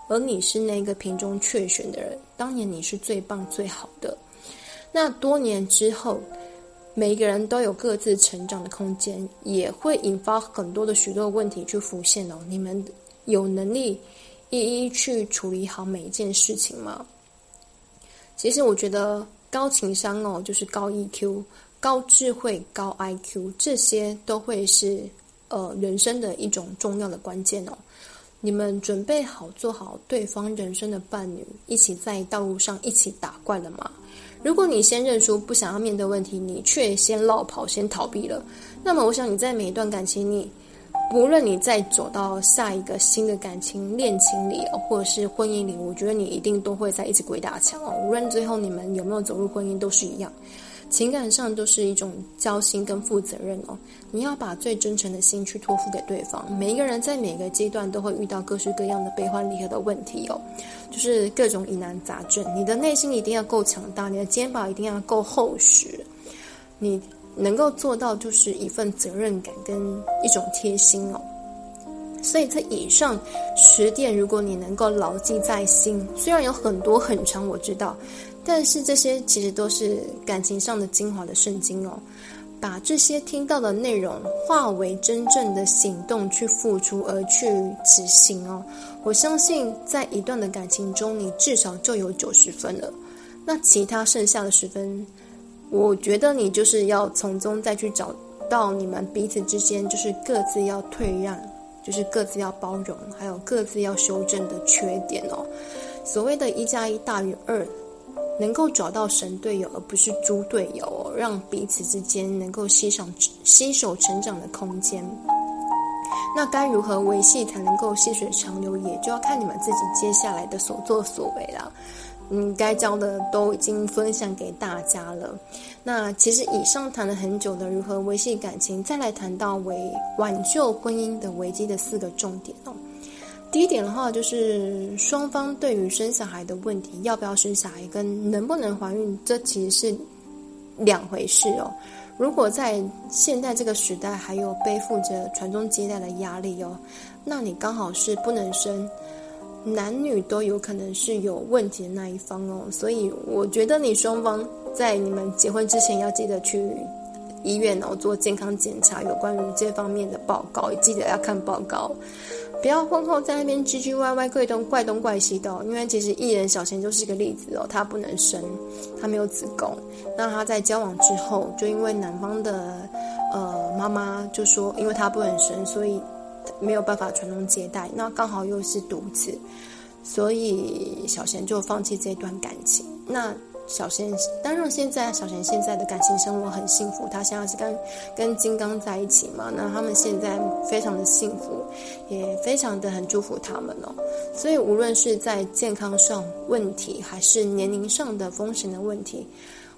而你是那個屏中雀選的人，當年你是最棒最好的。那多年之後，每一個人都有各自成長的空間，也會引發很多的許多的問題去浮現哦。你們有能力一一去處理好每一件事情嗎？其實我覺得高情商哦，就是高 EQ、高智慧、高 IQ 這些都會是呃人生的一種重要的關鍵哦。你們準備好做好對方人生的伴侶，一起在道路上一起打怪了嗎？如果你先認輸，不想要面對問題，你卻先落跑、先逃避了，那麼我想你在每一段感情裡。無論你再走到下一個新的感情戀情裡哦，或者是婚姻裡，我覺得你一定都會在一起鬼打牆哦。無論最後你們有沒有走入婚姻，都是一樣，情感上都是一種交心跟負責任哦。你要把最真誠的心去托付給對方。每一個人在每一個階段都會遇到各式各樣的悲歡離合的問題哦，就是各種疑難雜症。你的內心一定要夠強大，你的肩膀一定要夠厚實，你。能夠做到就是一份責任感跟一種貼心哦，所以在以上十點，如果你能夠牢記在心，雖然有很多很長，我知道，但是這些其實都是感情上的精華的聖經哦。把這些聽到的內容化為真正的行動去付出而去執行哦，我相信在一段的感情中，你至少就有九十分了，那其他剩下的十分，我覺得你就是要從中再去找到你們彼此之間，就是各自要退讓，就是各自要包容，還有各自要修正的缺點哦。所謂的一加一大於二，能夠找到神隊友而不是豬隊友哦，讓彼此之間能夠欣賞、吸收成長的空間。那該如何維繫才能夠細水長流，也就要看你們自己接下來的所作所為了。嗯，該教的都已經分享給大家了。那其實以上談了很久的如何維繫感情，再來談到維挽救婚姻的危機的四個重點哦。第一點的話，就是雙方對於生小孩的問題，要不要生小孩跟能不能懷孕，這其實是兩回事哦。如果在現在這個時代還有背負着傳宗接代的壓力哦，那你剛好是不能生。男女都有可能是有問題的那一方哦，所以我覺得你雙方在你們結婚之前要記得去醫院哦做健康檢查，有關於這方面的報告，記得要看報告，不要婚後在那邊唧唧歪歪，怪東怪東怪西的哦。因為其實藝人小嫻就是一個例子哦，她不能生，她沒有子宮，那她在交往之後，就因為男方的呃媽媽就說，因為她不能生，所以。沒有辦法傳宗接代，那剛好又是獨子，所以小賢就放棄這段感情。那小賢當然現在小賢現在的感情生活很幸福，他現在是跟跟金剛在一起嘛，那他們現在非常的幸福，也非常的很祝福他們哦。所以無論是在健康上問題，還是年齡上的風險的問題，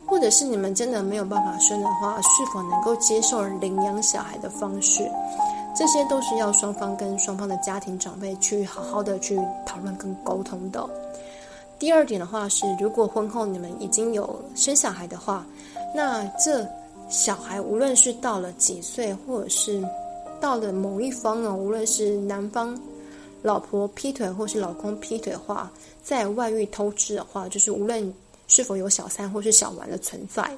或者是你們真的沒有辦法生的話，是否能夠接受領養小孩的方式？這些都是要雙方跟雙方的家庭長輩去好好的去討論跟溝通的。第二點的話是，如果婚後你們已經有生小孩的話，那這小孩無論是到了幾歲，或者是到了某一方啊、哦，無論是男方老婆劈腿，或是老公劈腿的話，在外遇偷吃的話，就是無論是否有小三或是小王的存在，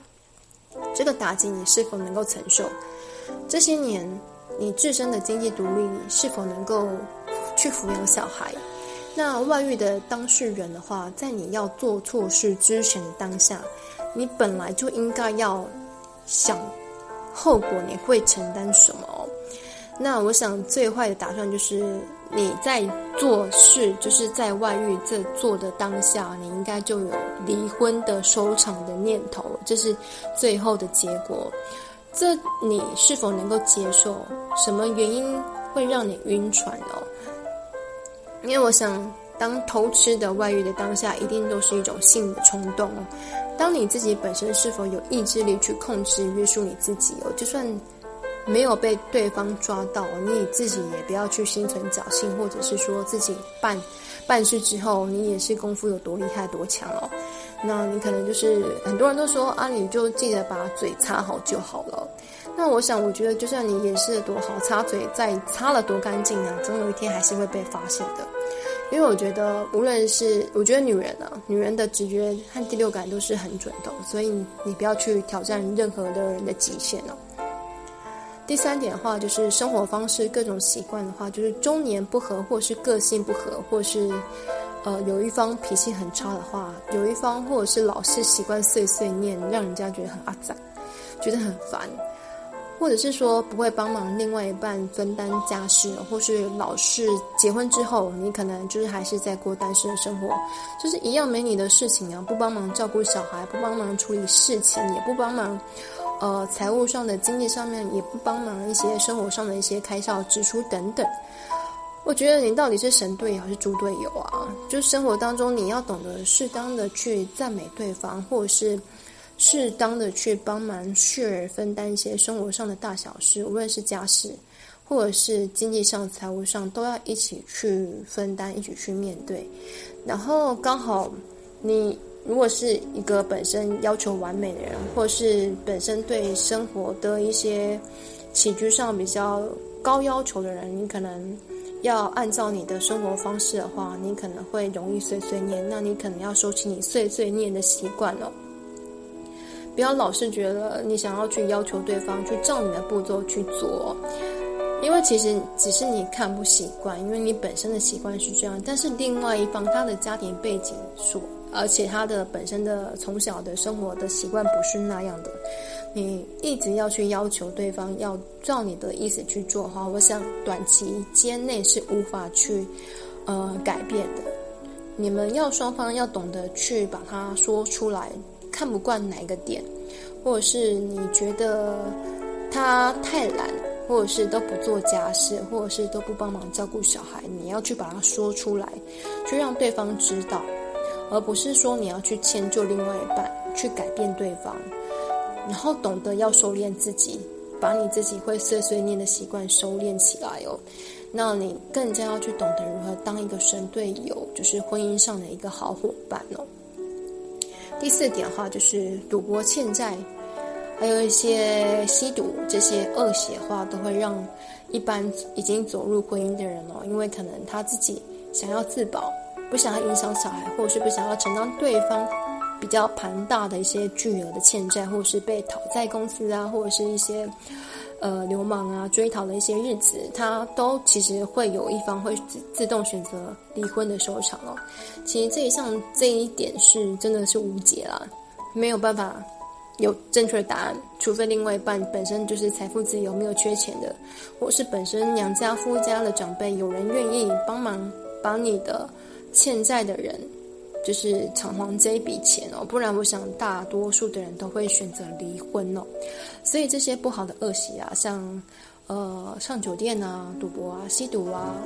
這個打擊你是否能夠承受？這些年。你自身的經濟獨立，你是否能夠去撫養小孩？那外遇的當事人的話，在你要做錯事之前的當下，你本來就應該要想後果，你會承擔什麼？那我想最壞的打算就是你在做事，就是在外遇這做的當下，你應該就有離婚的收場的念頭，這是最後的結果。這你是否能夠接受？什麼原因會讓你暈船哦？因為我想，當偷吃的、外遇的當下，一定都是一種性的衝動哦。當你自己本身是否有意志力去控制、約束你自己哦？就算沒有被對方抓到，你自己也不要去心存僥倖，或者是說自己辦辦事之後，你也是功夫有多厲害、多強哦。那你可能就是很多人都說啊，你就記得把嘴擦好就好了。那我想，我覺得，就算你掩飾的多好，擦嘴再擦了多乾淨啊，總有一天還是會被發現的。因為我覺得，無論是我覺得女人啊，女人的直覺和第六感都是很準的，所以你不要去挑戰任何的人的極限哦。第三點的話，就是生活方式、各種習慣的話，就是中年不合或是個性不合，或是呃，有一方脾氣很差的話，有一方或者是老是習慣碎碎念，讓人家覺得很阿雜，覺得很煩。或者是說不會幫忙另外一半分擔家事，或是老是結婚之後，你可能就是還是在過單身的生活，就是一樣沒你的事情啊，不幫忙照顧小孩，不幫忙處理事情，也不幫忙，呃，財務上的經濟上面也不幫忙一些生活上的一些開銷支出等等。我覺得你到底是神隊友還是豬隊友啊？就是生活當中你要懂得適當的去讚美對方，或者是。適當的去幫忙，share 分擔一些生活上的大小事，無論是家事，或者是經濟上、財務上，都要一起去分擔，一起去面對。然後剛好，你如果是一個本身要求完美的人，或是本身對生活的一些起居上比較高要求的人，你可能要按照你的生活方式的話，你可能會容易碎碎念，那你可能要收起你碎碎念的習慣了哦。不要老是覺得你想要去要求對方去照你的步驟去做，因為其實只是你看不習慣，因為你本身的習慣是這樣。但是另外一方他的家庭背景所，而且他的本身的從小的生活的習慣不是那樣的，你一直要去要求對方要照你的意思去做的話，我想短期間內是無法去呃改變的。你們要雙方要懂得去把它說出來。看不慣哪一個點，或者是你覺得他太懶，或者是都不做家事，或者是都不幫忙照顧小孩，你要去把它說出來，去讓對方知道，而不是說你要去遷就另外一半，去改變對方，然後懂得要收斂自己，把你自己會碎碎念的習慣收斂起來哦。那你更加要去懂得如何當一個神隊友，就是婚姻上的一個好夥伴哦。第四點的話，就是賭博欠債，還有一些吸毒這些惡習的話，都會讓一般已經走入婚姻的人哦，因為可能他自己想要自保，不想要影響小孩，或者是不想要承擔對方比較龐大的一些巨額的欠債，或者是被討債公司啊，或者是一些。呃，流氓啊，追討的一些日子，他都其實會有一方會自自動選擇離婚的收場哦。其實這一項這一點是真的是無解啦，沒有辦法有正確的答案，除非另外一半本身就是財富自由，沒有缺錢的，或是本身娘家夫家的長輩，有人願意幫忙把你的欠債的人。就是償還這一筆錢哦，不然我想大多數的人都會選擇離婚哦。所以這些不好的惡習啊，像呃上酒店啊、賭博啊、吸毒啊、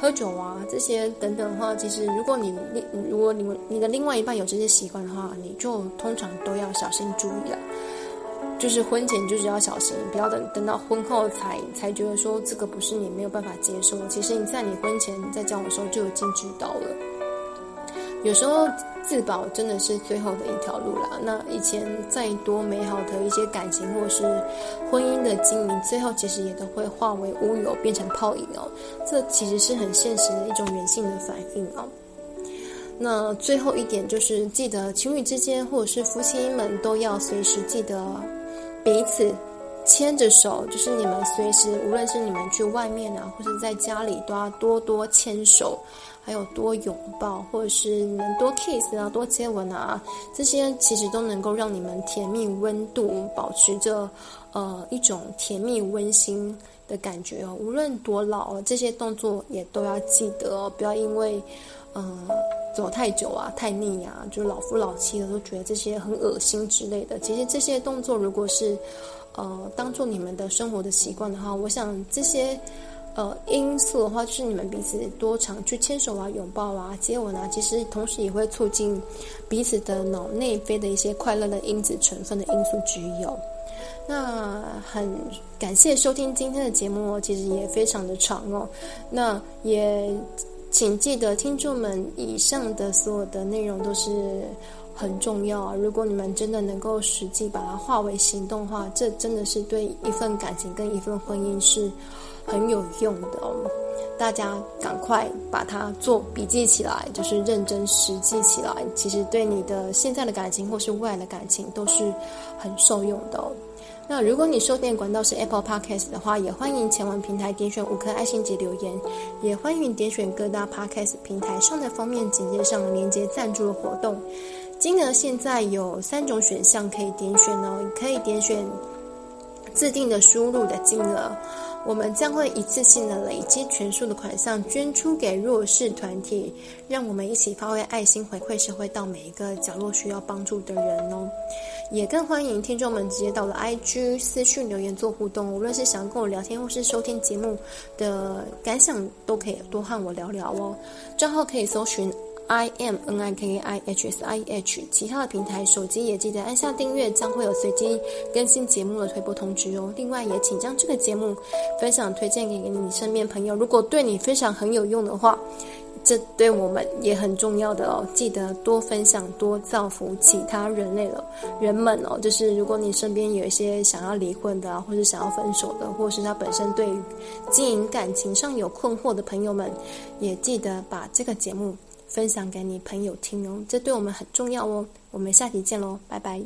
喝酒啊這些等等的話，其實如果你、你、如果你、你的另外一半有這些習慣的話，你就通常都要小心注意了。就是婚前你就是要小心，不要等等到婚後才才覺得說這個不是你沒有辦法接受。其實你在你婚前你在交往的時候就已經知道了。有時候自保真的是最後的一條路了。那以前再多美好的一些感情，或者是婚姻的經營，最後其實也都會化為烏有，變成泡影哦。這其實是很現實的一種人性的反應哦。那最後一點就是，記得情侶之間，或者是夫妻們，都要隨時記得彼此牽着手。就是你們隨時，無論是你們去外面啊，或者在家裡，都要多多牽手。還有多擁抱，或者是能多 kiss 啊，多接吻啊，這些其實都能夠讓你們甜蜜溫度保持着，呃，一種甜蜜溫馨的感覺哦。無論多老哦，這些動作也都要記得哦，不要因為嗯、呃、走太久啊、太膩啊，就老夫老妻的都覺得這些很惡心之類的。其實這些動作，如果是呃當做你們的生活的習慣的話，我想這些。呃，因素的話，就是你們彼此多常去牽手啊、擁抱啊、接吻啊，其實同時也會促進彼此的腦內啡的一些快樂的因子成分的因素具有。那很感謝收聽今天的節目哦，其實也非常的長哦。那也請記得，聽眾們以上的所有的內容都是很重要啊。如果你們真的能夠實際把它化為行動的話，這真的是對一份感情跟一份婚姻是。很有用的哦，大家趕快把它做筆記起來，就是認真實際起來。其實對你的現在的感情或是未來的感情都是很受用的哦。那如果你收電管道是 Apple Podcast 的話，也歡迎前往平台點選五顆愛心及留言，也歡迎點選各大 Podcast 平台上的封面簡介上連接贊助的活動，金額現在有三種選項可以點選哦，你可以點選自定的輸入的金額。我們將會一次性的累積全數的款項捐出給弱勢團體，讓我們一起發揮愛心回饋社會，到每一個角落需要幫助的人哦。也更歡迎聽眾們直接到了 IG 私訊留言做互動，無論是想跟我聊天或是收聽節目的感想，都可以多和我聊聊哦。賬號可以搜尋。I M N I K I H S I H，其他的平台手機也記得按下訂閱，將會有隨機更新節目的推播通知哦。另外也請將這個節目分享推薦給你身邊朋友，如果對你分享很有用的話，這對我們也很重要的哦。記得多分享，多造福其他人類的人們哦。就是如果你身邊有一些想要離婚的、啊，或者想要分手的，或是他本身對經營感情上有困惑的朋友們，也記得把這個節目分享給你朋友聽哦，這對我們很重要哦。我們下期見嘍，拜拜。